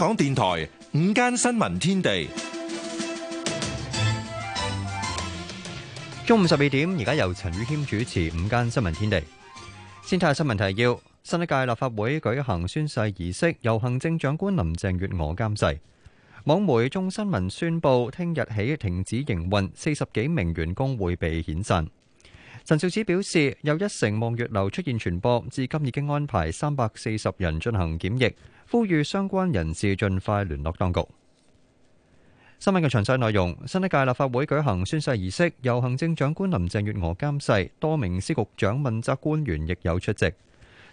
香港電台午間新聞天地，中午十二點，而家由陳宇謙主持《午間新聞天地》。先睇下新聞提要：新一屆立法會舉行宣誓儀式，由行政長官林鄭月娥監誓。網媒《眾新聞》宣布，聽日起停止營運，四十幾名員工會被遣散。陳肇始表示，有一成望月樓出現傳播，至今已經安排三百四十人進行檢疫。呼籲相關人士盡快聯絡當局。新聞嘅詳細內容，新一屆立法會舉行宣誓儀式，由行政長官林鄭月娥監誓，多名司局長問責官員亦有出席。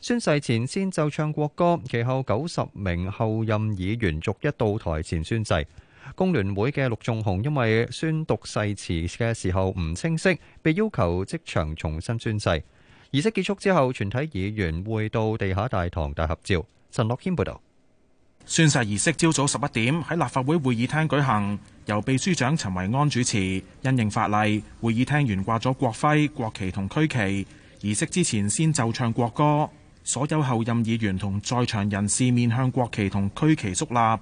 宣誓前先奏唱國歌，其後九十名後任議員逐一到台前宣誓。工聯會嘅陸頌雄因為宣讀誓詞嘅時候唔清晰，被要求即場重新宣誓。儀式結束之後，全體議員會到地下大堂大合照。陳樂謙報導。宣誓儀式朝早十一點喺立法會會議廳舉行，由秘書長陳維安主持。因應法例，會議廳懸掛咗國徽、國旗同區旗。儀式之前先奏唱國歌，所有候任議員同在場人士面向國旗同區旗肅立。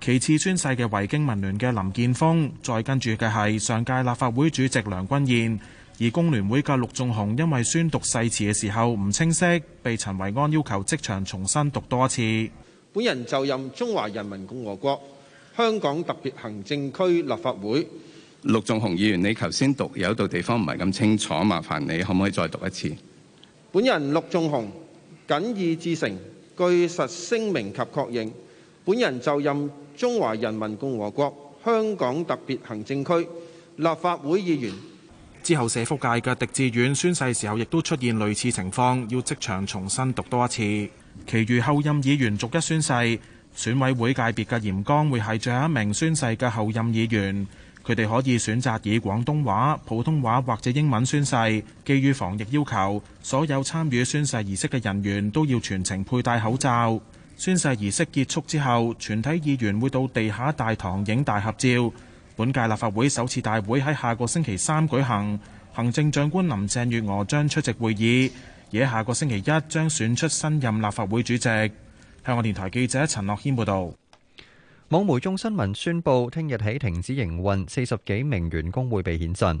其次宣誓嘅係經民聯嘅林健鋒，再跟住嘅係上屆立法會主席梁君彥，而工聯會嘅陸頌雄因為宣讀誓詞嘅時候唔清晰，被陳維安要求即場重新讀多次。本人就任中華人民共和國香港特別行政區立法會。陸頌雄議員，你頭先讀有一度地方唔係咁清楚，麻煩你可唔可以再讀一次？本人陸頌雄，謹以至誠，據實聲明及確認，本人就任。中華人民共和國香港特別行政區立法會議員之後社福界嘅狄志遠宣誓時候，亦都出現類似情況，要即場重新讀多一次。其餘候任議員逐一宣誓。選委會界別嘅嚴剛會係最後一名宣誓嘅候任議員，佢哋可以選擇以廣東話普通話或者英文宣誓。基於防疫要求，所有參與宣誓儀式嘅人員都要全程佩戴口罩。宣誓儀式結束之後，全體議員會到地下大堂影大合照。本屆立法會首次大會喺下個星期三舉行，行政長官林鄭月娥將出席會議，而喺下個星期一將選出新任立法會主席。香港電台記者陳樂軒報導。網媒眾新聞宣佈，聽日起停止營運，四十幾名員工會被遣散。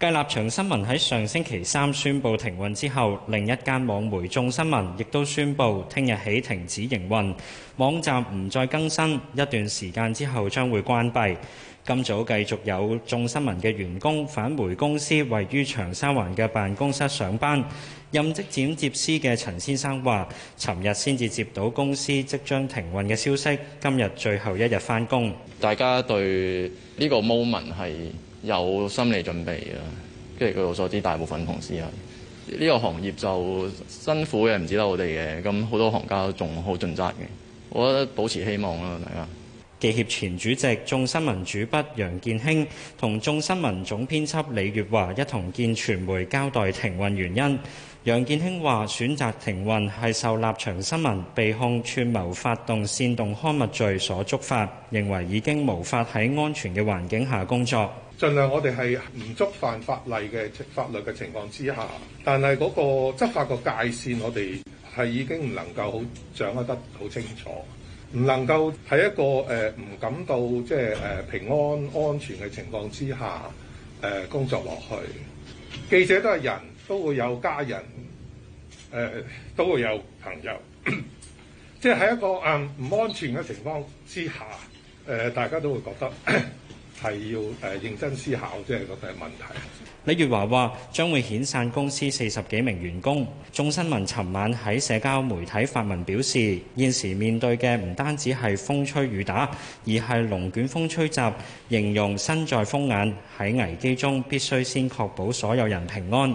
繼立場新聞喺上星期三宣布停運之後，另一間網媒眾新聞亦都宣布聽日起停止營運，網站唔再更新，一段時間之後將會關閉。今早繼續有眾新聞嘅員工返回公司位於長沙灣嘅辦公室上班。任職剪接師嘅陳先生話，尋日先至接到公司即將停運嘅消息，今日最後一日返工。大家對呢個 moment 係？有心理準備啊，跟住據我所知，大部分同事係呢個行業就辛苦嘅，唔止得我哋嘅咁。好多行家都仲好盡責嘅，我覺得保持希望啦，大家。記協前主席、眾新聞主筆楊健興同眾新聞總編輯李月華一同見傳媒，交代停運原因。楊健興話：選擇停運係受立場新聞被控串謀發動煽動刊物罪所觸發，認為已經無法喺安全嘅環境下工作。盡量我哋係唔觸犯法例嘅法律嘅情況之下，但係嗰個執法個界線，我哋係已經唔能夠好掌握得好清楚，唔能夠喺一個誒唔感到即係誒平安安全嘅情況之下誒工作落去。記者都係人都會有家人，誒都會有朋友，即係喺一個誒唔安全嘅情況之下，誒大家都會覺得。 係要誒認真思考，即係個第一問題。李月華話將會遣散公司四十幾名員工。眾新聞尋晚喺社交媒體發文表示，現時面對嘅唔單止係風吹雨打，而係龍捲風吹襲，形容身在風眼喺危機中，必須先確保所有人平安。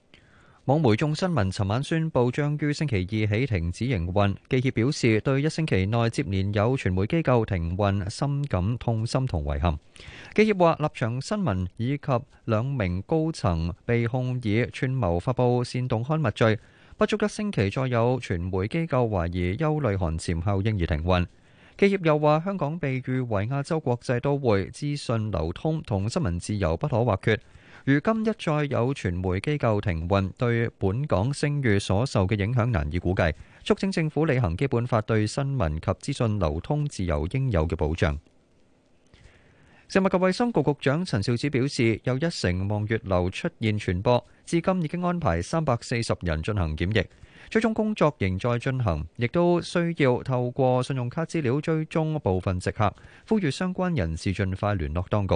港媒眾新聞尋晚宣布將於星期二起停止營運。記協表示對一星期內接連有傳媒機構停運深感痛心同遺憾。記協話立場新聞以及兩名高層被控以串謀發布煽動刊物罪。不足一星期再有傳媒機構懷疑憂慮寒蟬效應因而停運。記協又話香港被譽為亞洲國際都會，資訊流通同新聞自由不可或缺。如今一再有傳媒機構停運，對本港聲譽所受嘅影響難以估計。促請政府履行基本法對新聞及資訊流通自由應有嘅保障。食物及衛生局局長陳肇始表示，有一成望月樓出現傳播，至今已經安排三百四十人進行檢疫，追蹤工作仍在進行，亦都需要透過信用卡資料追蹤部分食客，呼籲相關人士盡快聯絡當局。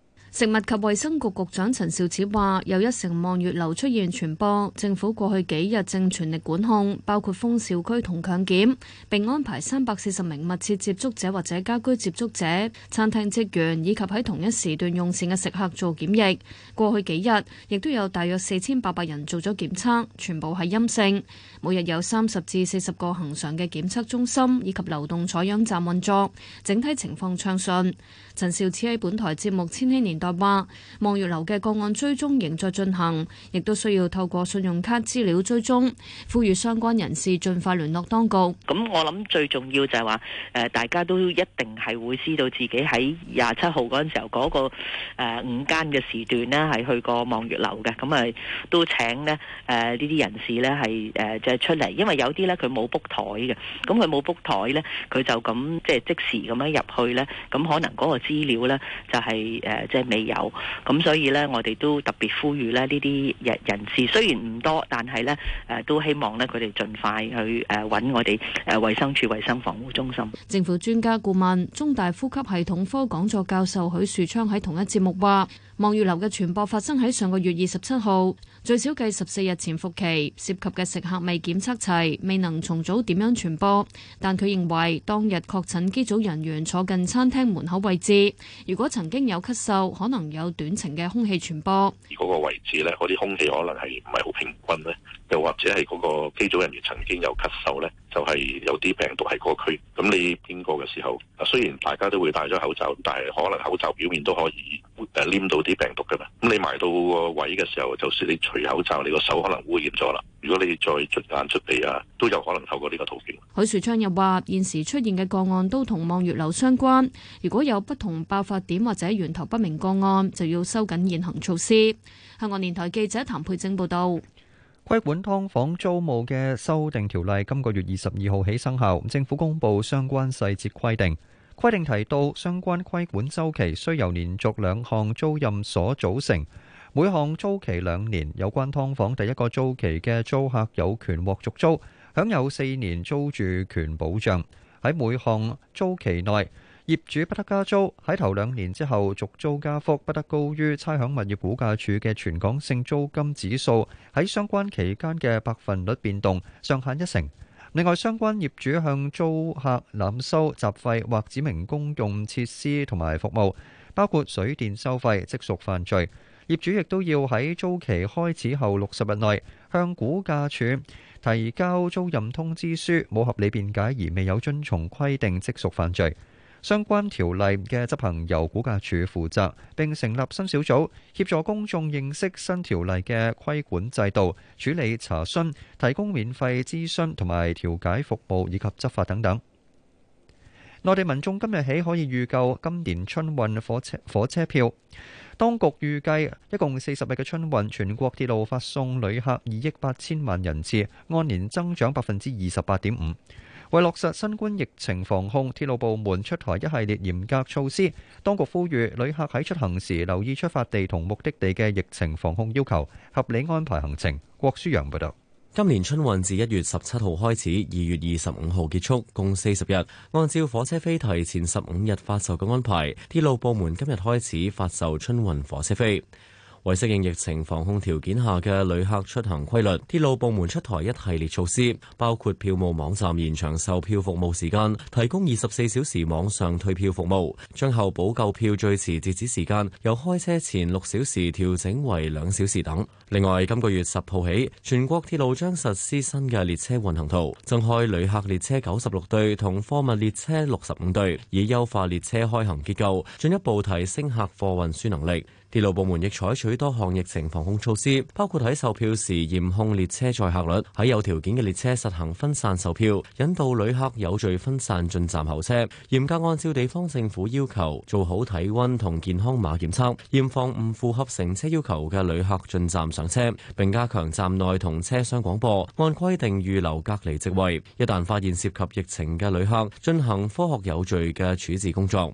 食物及衛生局局長陳肇始話：有一成望月樓出現傳播，政府過去幾日正全力管控，包括封小區同強檢，並安排三百四十名密切接觸者或者家居接觸者、餐廳職員以及喺同一時段用膳嘅食客做檢疫。過去幾日亦都有大約四千八百人做咗檢測，全部係陰性。每日有三十至四十個恒常嘅檢測中心以及流動採樣站運作，整體情況暢順。陳肇始喺本台節目《千禧年代》話，望月樓嘅個案追蹤仍在進行，亦都需要透過信用卡資料追蹤，呼籲相關人士盡快聯絡當局。咁我諗最重要就係話，誒，大家都一定係會知道自己喺廿七號嗰陣時候嗰、那個誒午間嘅時段咧，係去過望月樓嘅。咁啊，都請咧誒呢啲、呃、人士咧係誒就係、是、出嚟，因為有啲咧佢冇 book 台嘅，咁佢冇 book 台咧，佢就咁即係即時咁樣入去咧，咁可能嗰、那個。資料呢就係誒即係未有，咁所以呢，我哋都特別呼籲咧呢啲人人士，雖然唔多，但係呢誒都希望呢，佢哋盡快去誒揾我哋誒衛生署衞生防護中心。政府專家顧問、中大呼吸系統科講座教授許樹昌喺同一節目話。望月樓嘅傳播發生喺上個月二十七號，最少計十四日前復期，涉及嘅食客未檢測齊，未能重組點樣傳播。但佢認為當日確診機組人員坐近餐廳門口位置，如果曾經有咳嗽，可能有短程嘅空氣傳播。而嗰個位置呢，嗰啲空氣可能係唔係好平均呢？又或者係嗰個機組人員曾經有咳嗽呢，就係有啲病毒喺嗰個區。咁你經過嘅時候，雖然大家都會戴咗口罩，但係可能口罩表面都可以。誒黏到啲病毒嘅嘛，咁你埋到個位嘅時候，就算你除口罩，你個手可能污染咗啦。如果你再出眼出鼻啊，都有可能透過呢個途徑。許樹昌又話：現時出現嘅個案都同望月樓相關，如果有不同爆發點或者源頭不明個案，就要收緊現行措施。香港電台記者譚佩正報道。規管劏房租務嘅修訂條例今個月二十二號起生效，政府公布相關細節規定。規定提到，相關規管週期須由連續兩項租賃所組成，每項租期兩年。有關劏房第一個租期嘅租客有權獲續租，享有四年租住權保障。喺每項租期內，業主不得加租。喺頭兩年之後，續租加幅不得高於差餉物業估價署嘅全港性租金指數喺相關期間嘅百分率變動上限一成。另外，相關業主向租客濫收雜費或指明公用設施同埋服務，包括水電收費，即屬犯罪。業主亦都要喺租期開始後六十日內向估價處提交租賃通知書，冇合理辯解而未有遵從規定，即屬犯罪。相關條例嘅執行由估價處負責，並成立新小組協助公眾認識新條例嘅規管制度、處理查詢、提供免費諮詢同埋調解服務以及執法等等。內地民眾今日起可以預購今年春運火車火車票。當局預計一共四十日嘅春運，全國鐵路發送旅客二億八千萬人次，按年增長百分之二十八點五。為落實新冠疫情防控，鐵路部門出台一系列嚴格措施。當局呼籲旅客喺出行時留意出發地同目的地嘅疫情防控要求，合理安排行程。郭舒揚報導。今年春運自一月十七號開始，二月二十五號結束，共四十日。按照火車飛提前十五日發售嘅安排，鐵路部門今日開始發售春運火車飛。為適應疫情防控條件下嘅旅客出行規律，鐵路部門出台一系列措施，包括票務網站延長售票服務時間，提供二十四小時網上退票服務，將候補購票最遲截止時間由開車前六小時調整為兩小時等。另外，今個月十號起，全國鐵路將實施新嘅列車運行圖，增開旅客列車九十六對同貨物列車六十五對，以優化列車開行結構，進一步提升客貨運輸能力。鐵路部門亦採取多項疫情防控措施，包括喺售票時嚴控列車載客率，喺有條件嘅列車實行分散售票，引導旅客有序分散進站候車；嚴格按照地方政府要求做好體溫同健康碼檢測，嚴防唔符合乘車要求嘅旅客進站上車，並加強站內同車廂廣播，按規定預留隔離席位。一旦發現涉及疫情嘅旅客，進行科學有序嘅處置工作。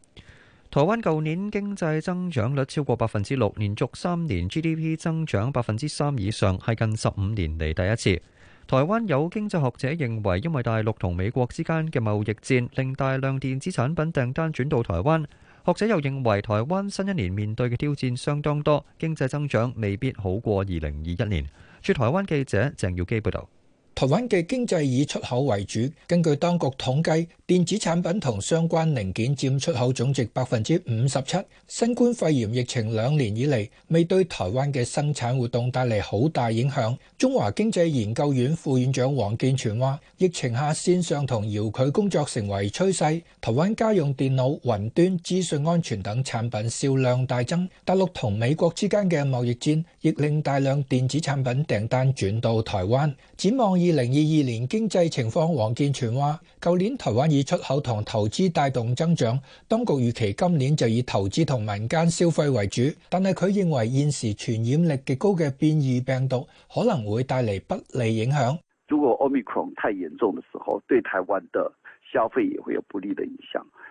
台灣舊年經濟增長率超過百分之六，連續三年 GDP 增長百分之三以上，係近十五年嚟第一次。台灣有經濟學者認為，因為大陸同美國之間嘅貿易戰，令大量電子產品訂單轉到台灣。學者又認為，台灣新一年面對嘅挑戰相當多，經濟增長未必好過二零二一年。駐台灣記者鄭耀基報道。台灣嘅經濟以出口為主，根據當局統計，電子產品同相關零件佔出口總值百分之五十七。新冠肺炎疫情兩年以嚟，未對台灣嘅生產活動帶嚟好大影響。中華經濟研究院副院長王健全話，疫情下線上同遙距工作成為趨勢，台灣家用電腦、雲端、資訊安全等產品銷量大增。大陸同美國之間嘅貿易戰亦令大量電子產品訂單轉到台灣。展望以二零二二年經濟情況，王，王建全話，舊年台灣以出口同投資帶動增長，當局預期今年就以投資同民間消費為主。但係佢認為，現時傳染力極高嘅變異病毒可能會帶嚟不利影響。如果 Omicron 太嚴重嘅時候，對台灣的消費也會有不利的影響。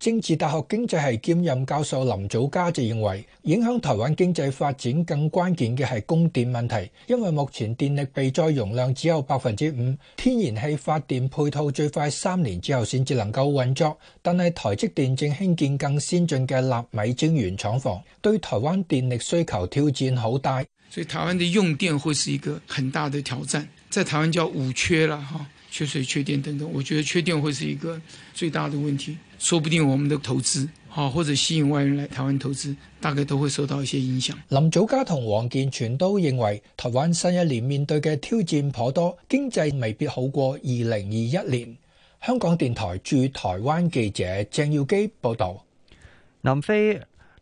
政治大學經濟系兼任教授林祖嘉就認為，影響台灣經濟發展更關鍵嘅係供電問題，因為目前電力備載容量只有百分之五，天然氣發電配套最快三年之後先至能夠運作，但係台積電正興建更先進嘅納米晶圓廠房，對台灣電力需求挑戰好大。所以台灣的用電會是一個很大的挑戰，在台灣叫五缺啦，哈，缺水、缺電等等，我覺得缺電會是一個最大的問題。說不定我們的投資，啊，或者吸引外人嚟台灣投資，大概都會受到一些影響。林祖嘉同王健全都認為，台灣新一年面對嘅挑戰頗多，經濟未必好過二零二一年。香港電台駐台灣記者鄭耀基報道。南非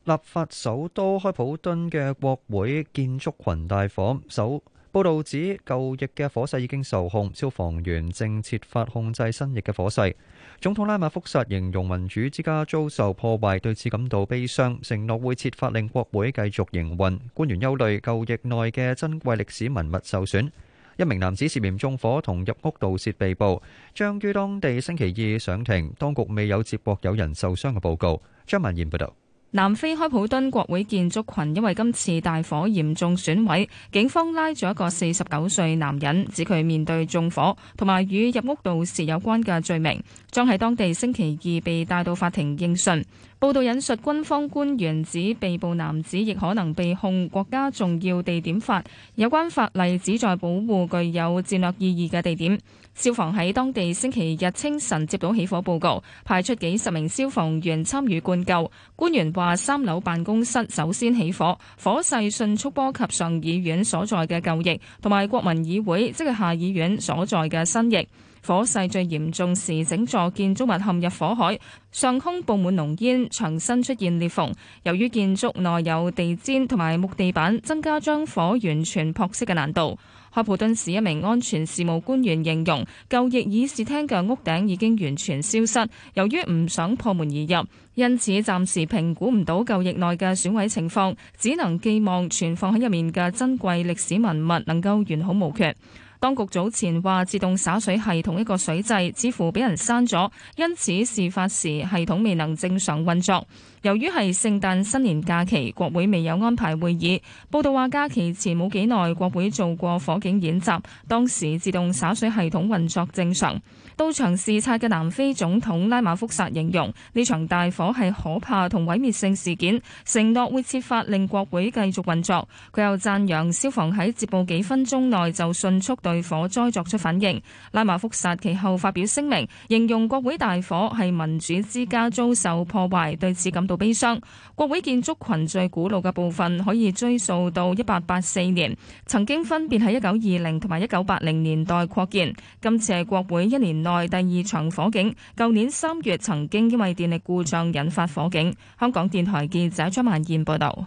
立法首都開普敦嘅國會建築群大火，首報道指舊翼嘅火勢已經受控，消防員正設法控制新翼嘅火勢。總統拉馬福薩形容民主之家遭受破壞，對此感到悲傷，承諾會設法令國會繼續營運。官員憂慮舊翼內嘅珍貴歷史文物受損。一名男子涉嫌縱火同入屋盜竊被捕，將於當地星期二上庭。當局未有接獲有人受傷嘅報告。張曼燕報道。南非開普敦國會建築群因為今次大火嚴重損毀，警方拉咗一個四十九歲男人，指佢面對縱火同埋與入屋盜竊有關嘅罪名，將喺當地星期二被帶到法庭應訊。報道引述軍方官員指，被捕男子亦可能被控國家重要地點法，有關法例旨在保護具有戰略意義嘅地點。消防喺當地星期日清晨接到起火報告，派出幾十名消防員參與灌救。官員話：三樓辦公室首先起火，火勢迅速波及上議院所在嘅舊翼，同埋國民議會即係下議院所在嘅新翼。火勢最嚴重時，整座建築物陷入火海，上空布滿濃煙，牆身出現裂縫。由於建築內有地氈同埋木地板，增加將火完全撲熄嘅難度。開普敦市一名安全事務官員形容，舊翼議事廳嘅屋頂已經完全消失。由於唔想破門而入，因此暫時評估唔到舊翼內嘅損毀情況，只能寄望存放喺入面嘅珍貴歷史文物能夠完好無缺。當局早前話自動灑水系統一個水掣似乎俾人刪咗，因此事發時系統未能正常運作。由於係聖誕新年假期，國會未有安排會議。報道話假期前冇幾耐，國會做過火警演習，當時自動灑水系統運作正常。到場視察嘅南非總統拉馬福薩形容呢場大火係可怕同毀滅性事件，承諾會設法令國會繼續運作。佢又讚揚消防喺接報幾分鐘內就迅速對。對火災作出反應，拉馬福薩其後發表聲明，形容國會大火係民主之家遭受破壞，對此感到悲傷。國會建築群最古老嘅部分可以追溯到一八八四年，曾經分別喺一九二零同埋一九八零年代擴建。今次係國會一年內第二場火警，舊年三月曾經因為電力故障引發火警。香港電台記者張曼燕報道。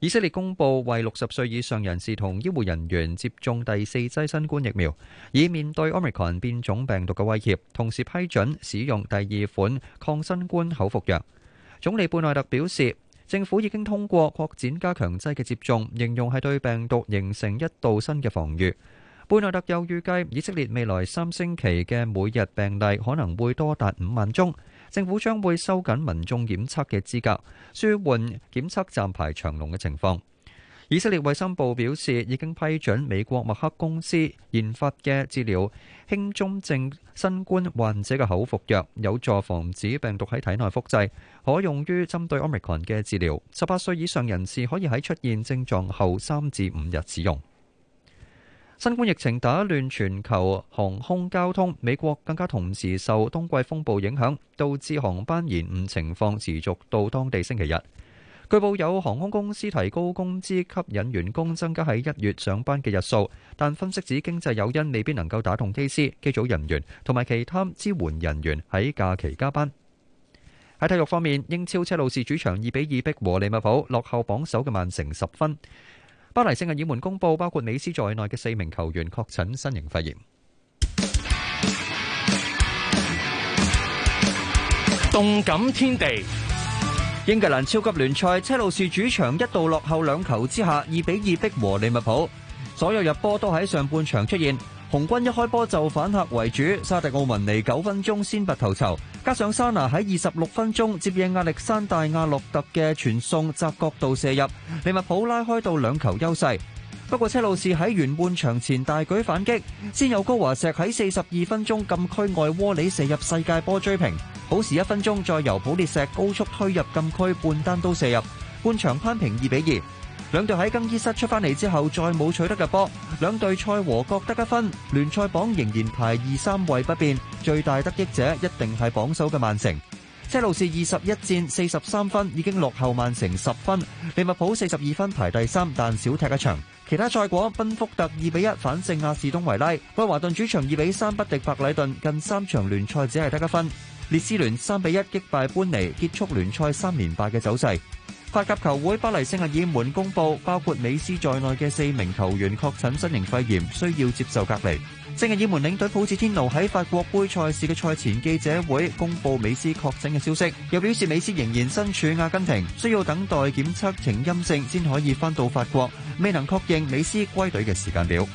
以色列公布為六十歲以上人士同醫護人員接種第四劑新冠疫苗，以面對 Omicron 變種病毒嘅威脅。同時批准使用第二款抗新冠口服藥。總理貝內特表示，政府已經通過擴展加強劑嘅接種，形容係對病毒形成一度新嘅防禦。貝內特又預計，以色列未來三星期嘅每日病例可能會多達五萬宗。政府將會收緊民眾檢測嘅資格，舒緩檢測站排長龍嘅情況。以色列衞生部表示，已經批准美國默克公司研發嘅治療輕中症新冠患者嘅口服藥，有助防止病毒喺體內複製，可用於針對 Omicron 嘅治療。十八歲以上人士可以喺出現症狀後三至五日使用。新冠疫情打亂全球航空交通，美國更加同時受冬季風暴影響，導致航班延誤情況持續到當地星期日。據報有航空公司提高工資吸引員工增加喺一月上班嘅日數，但分析指經濟誘因未必能夠打動機師、機組人員同埋其他支援人員喺假期加班。喺體育方面，英超車路士主場二比二逼和利物浦落後榜首嘅曼城十分。巴黎聖日耳門公布，包括美斯在內嘅四名球員確診新型肺炎。動感天地，英格蘭超級聯賽，車路士主場一度落後兩球之下，二比二逼和利物浦，所有入波都喺上半場出現。紅軍一開波就反客為主，沙迪奧文尼九分鐘先拔頭籌。加上沙拿喺二十六分鐘接應亞歷山大亞洛特嘅傳送，窄角度射入，利物浦拉開到兩球優勢。不過車路士喺完半場前大舉反擊，先有高華石喺四十二分鐘禁區外窩里射入世界波追平，補時一分鐘再由普列石高速推入禁區半單刀射入，半場攀平二比二。兩隊喺更衣室出翻嚟之後，再冇取得嘅波，兩隊賽和各得一分，聯賽榜仍然排二三位不變。最大得益者一定係榜首嘅曼城。車路士二十一戰四十三分，已經落後曼城十分。利物浦四十二分排第三，但少踢一場。其他賽果：賓福特二比一反勝阿士東維拉，愛華頓主場二比三不敵白禮頓，近三場聯賽只係得一分。列斯聯三比一擊敗班尼，結束聯賽三連敗嘅走勢。法甲球會巴黎聖日耳門公布，包括美斯在內嘅四名球員確診新型肺炎，需要接受隔離。聖日耳門領隊普捷天奴喺法國盃賽事嘅賽前記者會公布美斯確診嘅消息，又表示美斯仍然身處阿根廷，需要等待檢測呈陰性先可以翻到法國，未能確認美斯歸隊嘅時間表。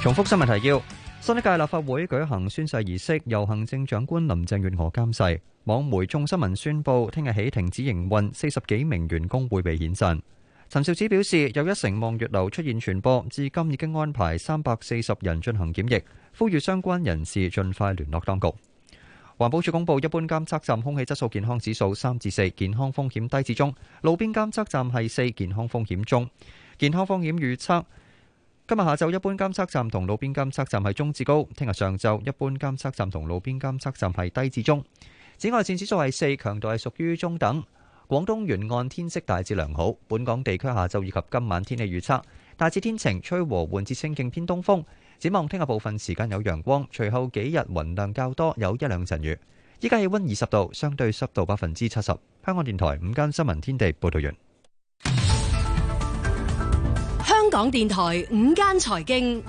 重複新聞提要。新一屆立法會舉行宣誓儀式，由行政長官林鄭月娥監誓。網媒眾新聞宣布，聽日起停止營運，四十幾名員工會被遣散。陳肇始表示，有一成望月樓出現傳播，至今已經安排三百四十人進行檢疫，呼籲相關人士儘快聯絡當局。環保署公布，一般監測站空氣質素健康指數三至四，健康風險低至中；路邊監測站係四，健康風險中，健康風險預測。今日下晝一般監測站同路邊監測站係中至高，聽日上晝一般監測站同路邊監測站係低至中。紫外線指數係四，強度係屬於中等。廣東沿岸天色大致良好，本港地區下晝以及今晚天氣預測大致天晴，吹和緩至清勁偏東風。展望聽日部分時間有陽光，隨後幾日雲量較多，有一兩陣雨。依家氣溫二十度，相對濕度百分之七十。香港電台午間新聞天地報道完。港電台午間財經，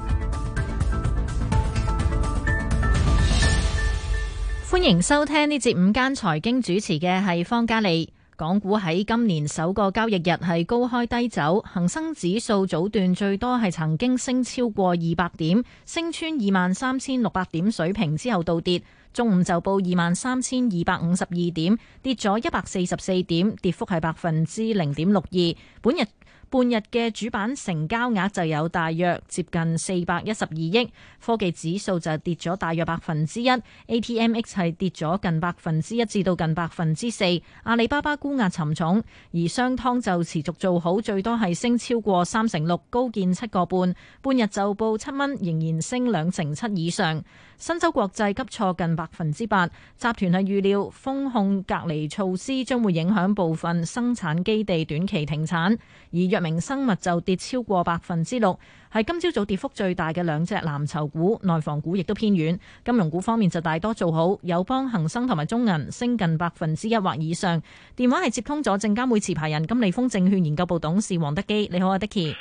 歡迎收聽呢節午間財經主持嘅係方嘉利。港股喺今年首個交易日係高開低走，恒生指數早段最多係曾經升超過二百點，升穿二萬三千六百點水平之後倒跌，中午就報二萬三千二百五十二點，跌咗一百四十四點，跌幅係百分之零點六二。本日半日嘅主板成交額就有大約接近四百一十二億，科技指數就跌咗大約百分之一，ATMX 係跌咗近百分之一至到近百分之四，阿里巴巴沽壓沉重，而商湯就持續做好，最多係升超過三成六，高見七個半，半日就報七蚊，仍然升兩成七以上。新洲國際急挫近百分之八，集團係預料封控隔離措施將會影響部分生產基地短期停產，而藥明生物就跌超過百分之六，係今朝早跌幅最大嘅兩隻藍籌股。內房股亦都偏軟，金融股方面就大多做好，友邦、恒生同埋中銀升近百分之一或以上。電話係接通咗證監會持牌人金利豐證券研究部董事黃德基，你好啊，迪基。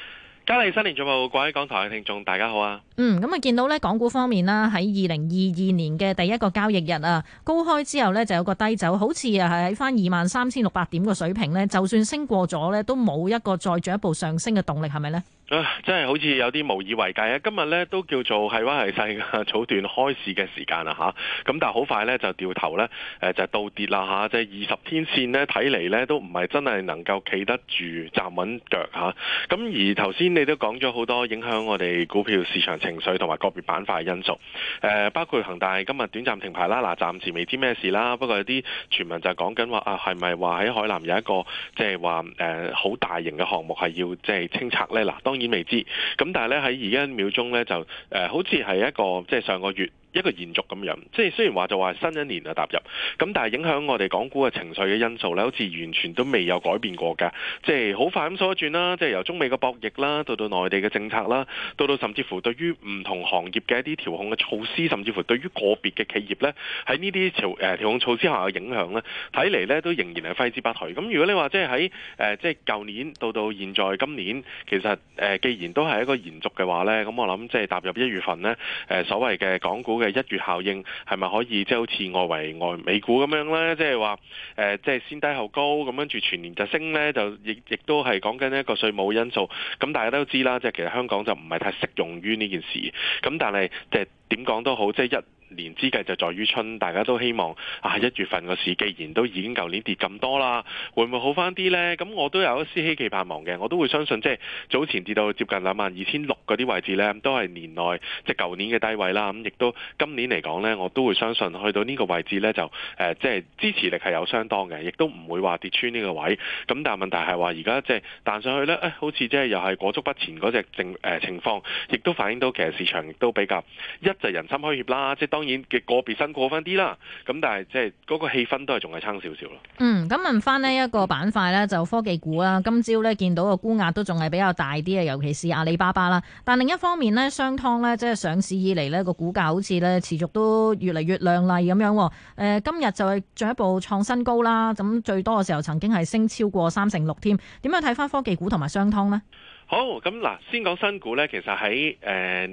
嘉利新年早報，各位港台嘅聽眾，大家好啊！嗯，咁啊，見到咧，港股方面啦，喺二零二二年嘅第一個交易日啊，高開之後咧，就有個低走，好似啊係喺翻二萬三千六百點嘅水平咧，就算升過咗咧，都冇一個再進一步上升嘅動力，係咪咧？誒，真係好似有啲無以為繼啊！今日咧都叫做係威係勢嘅早段開市嘅時間啊，吓！咁但係好快咧就掉頭咧，誒就係倒跌啦吓，即係二十天綫呢，睇嚟咧都唔係真係能夠企得住站穩腳吓。咁而頭先。你都講咗好多影響我哋股票市場情緒同埋個別板塊嘅因素，誒包括恒大今日短暫停牌啦，嗱暫時未知咩事啦，不過有啲傳聞就係講緊話啊，係咪話喺海南有一個即係話誒好大型嘅項目係要即係清拆呢？嗱當然未知，咁但係呢，喺而家一秒鐘呢，就誒好似係一個即係上個月。一個延續咁樣，即係雖然話就話新一年啊踏入，咁但係影響我哋港股嘅情緒嘅因素咧，好似完全都未有改變過㗎。即係好快咁所轉啦，即係由中美嘅博弈啦，到到內地嘅政策啦，到到甚至乎對於唔同行業嘅一啲調控嘅措施，甚至乎對於個別嘅企業咧，喺呢啲調誒調控措施下嘅影響咧，睇嚟咧都仍然係揮之不去。咁如果你話即係喺誒即係舊年到到現在今年，其實誒既然都係一個延續嘅話咧，咁我諗即係踏入一月份咧，誒所謂嘅港股。嘅一月效應係咪可以即係、就是、好似外圍外美股咁樣呢？即係話誒，即、呃、係、就是、先低後高咁跟住全年就升呢，就亦亦都係講緊一個稅務因素。咁大家都知啦，即係其實香港就唔係太適用於呢件事。咁但係即係點講都好，即、就、係、是、一。年之計就在於春，大家都希望啊一月份個市既然都已經舊年跌咁多啦，會唔會好翻啲呢？咁我都有一絲希冀盼望嘅，我都會相信即係早前跌到接近兩萬二千六嗰啲位置呢，都係年內，即係舊年嘅低位啦。咁亦都今年嚟講呢，我都會相信去到呢個位置呢，就即係、呃即係、支持力係有相當嘅，亦都唔會話跌穿呢個位。咁但係問題係話而家即係彈上去呢，好似即係又係裹足不前嗰隻情況，亦都反映到其實市場亦都比較一就人心虛怯啦，即係當當然嘅個別新過分啲啦，咁但係即係嗰個氣氛都係仲係差少少咯。嗯，咁問翻呢一個板塊咧，就科技股啦。今朝咧見到個沽壓都仲係比較大啲啊，尤其是阿里巴巴啦。但另一方面咧，商湯咧即係上市以嚟咧，個股價好似咧持續都越嚟越亮麗咁樣。誒、呃，今日就係進一步創新高啦。咁最多嘅時候曾經係升超過三成六添。點樣睇翻科技股同埋商湯咧？好，咁嗱，先講新股咧，其實喺誒。呃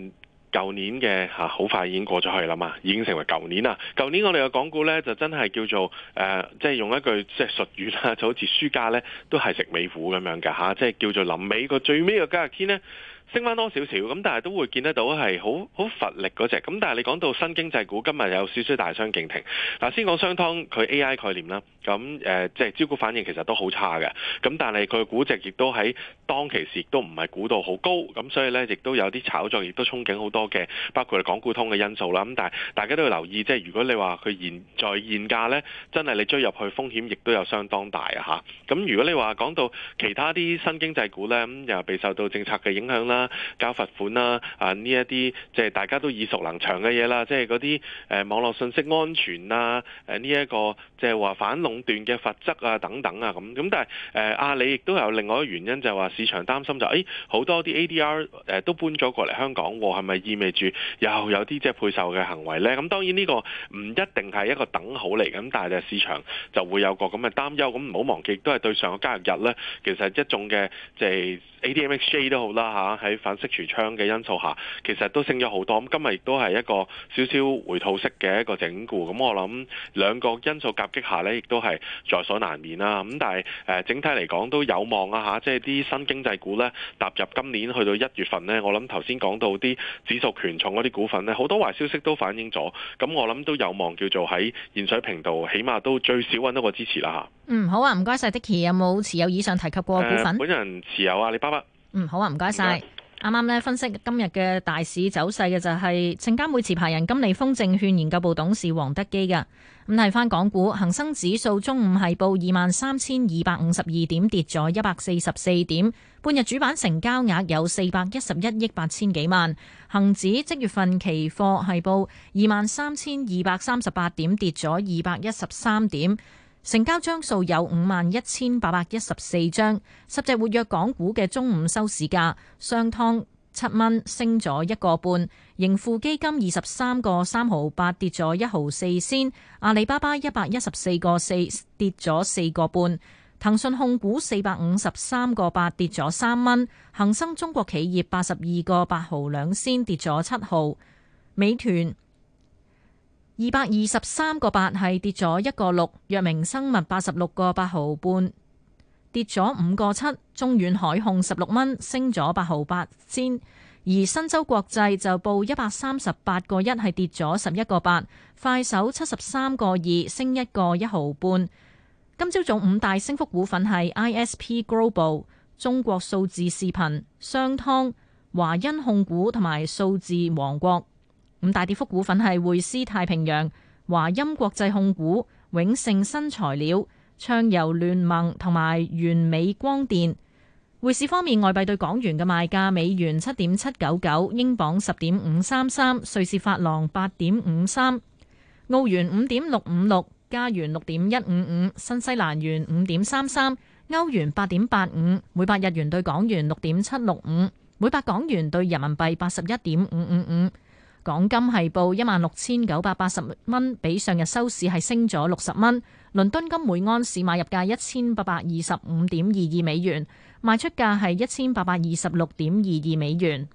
舊年嘅好、啊、快已經過咗去啦嘛，已經成為舊年啦。舊年我哋嘅港股呢，就真係叫做誒，即、呃、係、就是、用一句即係術語啦，就好似輸家呢都係食尾糊咁樣㗎。即、啊、係、就是、叫做臨尾個最尾個交易天呢。升翻多少少咁，但係都會見得到係好好乏力嗰隻。咁但係你講到新經濟股，今日有少少大相徑庭。嗱，先講商湯佢 AI 概念啦。咁誒，即係招股反應其實都好差嘅。咁但係佢嘅估值亦都喺當其時都唔係估到好高。咁所以呢，亦都有啲炒作，亦都憧憬好多嘅，包括係港股通嘅因素啦。咁但係大家都要留意，即係如果你話佢現在現價呢，真係你追入去風險亦都有相當大啊嚇。咁如果你話講到其他啲新經濟股呢，咁又被受到政策嘅影響啦。交罰款啦，啊呢一啲即係大家都耳熟能詳嘅嘢啦，即係嗰啲誒網絡信息安全啊，誒呢一個即係話反壟斷嘅法則啊，等等啊，咁咁，但係誒阿里亦都有另外一個原因，就係、是、話市場擔心就誒好、哎、多啲 ADR 誒都搬咗過嚟香港，係咪意味住又有啲即係配售嘅行為咧？咁當然呢個唔一定係一個等號嚟咁，但係市場就會有個咁嘅擔憂。咁唔好忘記都係對上個交易日咧，其實一眾嘅即係 ATMX 都好啦嚇。啊喺反色除窗嘅因素下，其實都升咗好多。咁今日亦都係一個少少回吐式嘅一個整固。咁我諗兩個因素夾擊下呢，亦都係在所難免啦。咁但係整體嚟講都有望啊！嚇，即係啲新經濟股呢，踏入今年去到一月份呢，我諗頭先講到啲指數權重嗰啲股份呢，好多壞消息都反映咗。咁我諗都有望叫做喺現水平度，起碼都最少揾到個支持啦！嚇。嗯，好啊，唔該晒。d i c k y 有冇持有以上提及過股份？呃、本人持有阿里巴巴。嗯，好啊，唔該晒。啱啱呢分析今日嘅大市走勢嘅就係證監會持牌人金利豐證券研究部董事黃德基㗎。咁係翻港股，恒生指數中午係報二萬三千二百五十二點，跌咗一百四十四點。半日主板成交額有四百一十一億八千幾萬。恒指即月份期貨係報二萬三千二百三十八點，跌咗二百一十三點。成交張數有五萬一千八百一十四張，十隻活躍港股嘅中午收市價，商湯七蚊，升咗一個半；盈富基金二十三個三毫八，跌咗一毫四仙；阿里巴巴一百一十四個四，跌咗四個半；騰訊控股四百五十三個八，跌咗三蚊；恒生中國企業八十二個八毫兩仙，跌咗七毫；美團。二百二十三個八係跌咗一個六，藥明生物八十六個八毫半跌咗五個七，中遠海控十六蚊升咗八毫八先，而新洲國際就報一百三十八個一係跌咗十一個八，快手七十三個二升一個一毫半。今朝早總五大升幅股份係 I S P Global、中國數字視頻、商湯、華欣控股同埋數字王國。五大跌幅股份係匯斯太平洋、華音國際控股、永盛新材料、暢遊聯盟同埋完美光電。匯市方面，外幣對港元嘅賣價：美元七點七九九，英鎊十點五三三，瑞士法郎八點五三，澳元五點六五六，加元六點一五五，新西蘭元五點三三，歐元八點八五，每百日元對港元六點七六五，每百港元對人民幣八十一點五五五。港金係報一萬六千九百八十蚊，比上日收市係升咗六十蚊。倫敦金每安士買入價一千八百二十五點二二美元，賣出價係一千八百二十六點二二美元。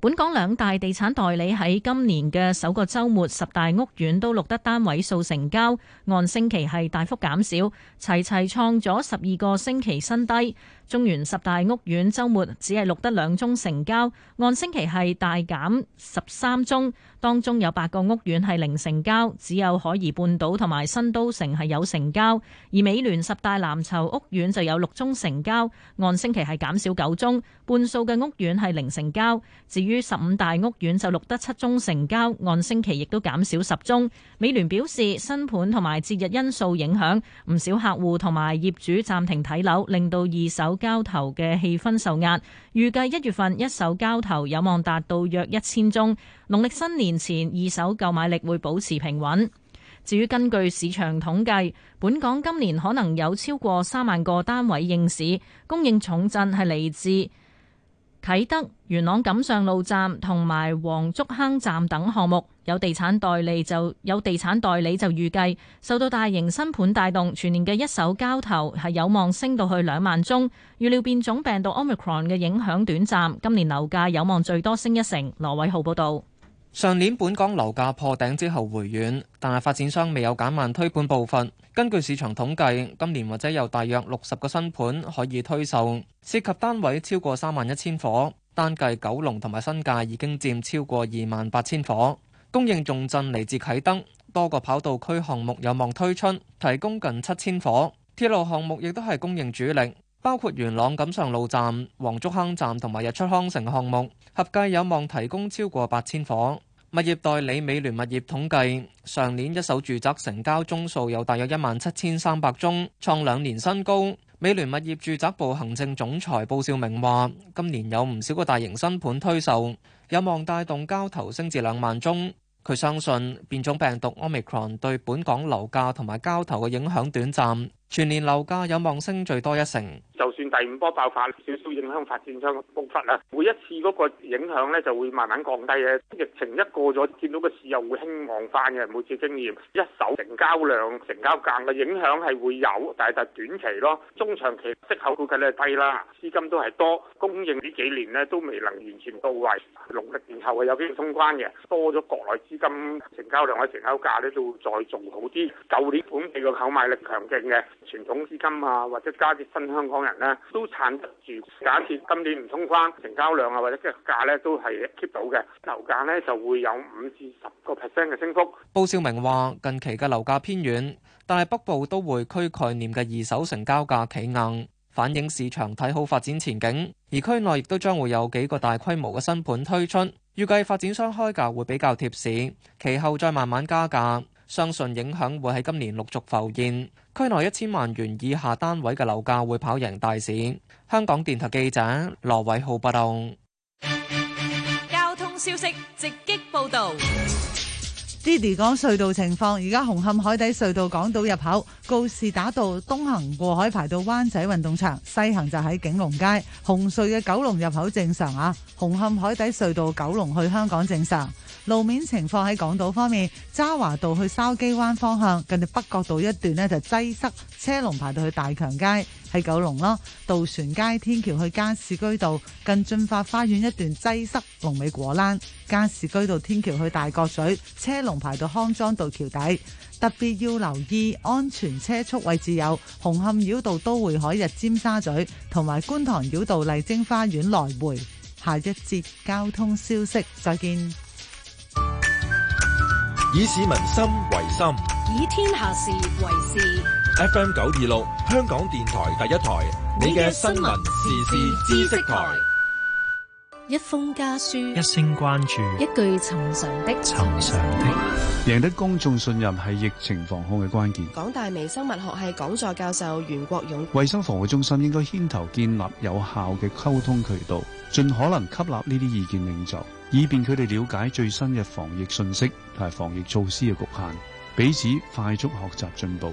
本港兩大地產代理喺今年嘅首個週末，十大屋苑都錄得單位數成交，按星期係大幅減少，齊齊創咗十二個星期新低。中原十大屋苑週末只係錄得兩宗成交，按星期係大減十三宗，當中有八個屋苑係零成交，只有海怡半島同埋新都城係有成交。而美聯十大藍籌屋苑就有六宗成交，按星期係減少九宗，半數嘅屋苑係零成交。至於十五大屋苑就錄得七宗成交，按星期亦都減少十宗。美聯表示，新盤同埋節日因素影響，唔少客戶同埋業主暫停睇樓，令到二手交投嘅氣氛受壓，預計一月份一手交投有望達到約一千宗。農曆新年前二手購買力會保持平穩。至於根據市場統計，本港今年可能有超過三萬個單位應市，供應重鎮係嚟自啟德、元朗錦上路站同埋黃竹坑站等項目。有地產代理就有地產代理就預計，受到大型新盤帶動，全年嘅一手交投，係有望升到去兩萬宗。預料變種病毒 Omicron 嘅影響短暫，今年樓價有望最多升一成。羅偉浩報道，上年本港樓價破頂之後回軟，但係發展商未有減慢推盤步伐。根據市場統計，今年或者有大約六十個新盤可以推售，涉及單位超過三萬一千伙，單計九龍同埋新界已經佔超過二萬八千伙。供應重鎮嚟自啟德，多個跑道區項目有望推出，提供近七千伙。鐵路項目亦都係供應主力，包括元朗錦上路站、黃竹坑站同埋日出康城項目，合計有望提供超過八千伙。物業代理美聯物業統計，上年一手住宅成交宗數有大約一萬七千三百宗，創兩年新高。美聯物業住宅部行政總裁布少明話：今年有唔少個大型新盤推售。有望帶動交投升至兩萬宗。佢相信變種病毒 Omicron 對本港樓價同埋交投嘅影響短暫，全年樓價有望升最多一成。就算第五波爆發少少影響發展商嘅步伐啦，每一次嗰個影響咧就會慢慢降低嘅。疫情一過咗，見到個市又會興旺翻嘅。每次經驗，一手成交量、成交價嘅影響係會有，但係就短期咯。中長期息口估計係低啦，資金都係多，供應呢幾年咧都未能完全到位。農曆年後係有機會通關嘅，多咗國內資金成交量嘅成交價咧都會再做好啲。舊年本地嘅購買力強勁嘅傳統資金啊，或者加啲新香港人。都撐得住，假設今年唔通關，成交量啊，或者嘅價咧都係 keep 到嘅，樓價呢就會有五至十個 percent 嘅升幅。報少明話：近期嘅樓價偏軟，但係北部都會區概念嘅二手成交價企硬，反映市場睇好發展前景。而區內亦都將會有幾個大規模嘅新盤推出，預計發展商開價會比較貼市，其後再慢慢加價。相信影響會喺今年陸續浮現，區內一千萬元以下單位嘅樓價會跑贏大市。香港電台記者羅偉浩報道。交通消息直擊報道。Diddy 講隧道情況，而家紅磡海底隧道港島入口告士打道東行過海排到灣仔運動場，西行就喺景隆街。紅隧嘅九龍入口正常啊，紅磡海底隧道九龍去香港正常。路面情況，喺港島方面，渣華道去筲箕灣方向，近住北角道一段呢就擠塞，車龍排到去大強街。喺九龍囉，渡船街天橋去加士居道近駿發花園一段擠塞，龍尾果欄，加士居道天橋去大角咀車龍排到康莊道橋底，特別要留意安全車速位置，有紅磡繞道都會海日、尖沙咀同埋觀塘繞道麗晶花園來回。下一節交通消息，再見。以市民心為心，以天下事為事。F.M. 九二六，香港電台第一台，你嘅新聞時事知識台。一封家書，一聲關注，一句尋常的尋常的，贏得公眾信任係疫情防控嘅關鍵。港大微生物學系講座教授袁國勇，衛生防護中心應該牽頭建立有效嘅溝通渠道，盡可能吸納呢啲意見領袖，以便佢哋了解最新嘅防疫信息同埋防疫措施嘅局限，彼此快速學習進步。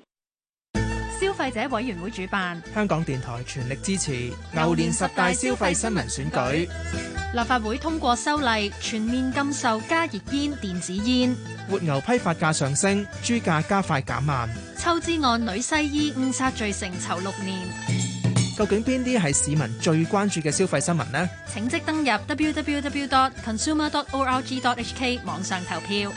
消費者委員會主辦，香港電台全力支持牛年十大消費新聞選舉。立法會通過修例，全面禁售加熱煙、電子煙。活牛批發價上升，豬價加快減慢。抽脂案女西醫誤殺罪成，囚六年。究竟邊啲係市民最關注嘅消費新聞呢？請即登入 www.consumer.org.hk 網上投票。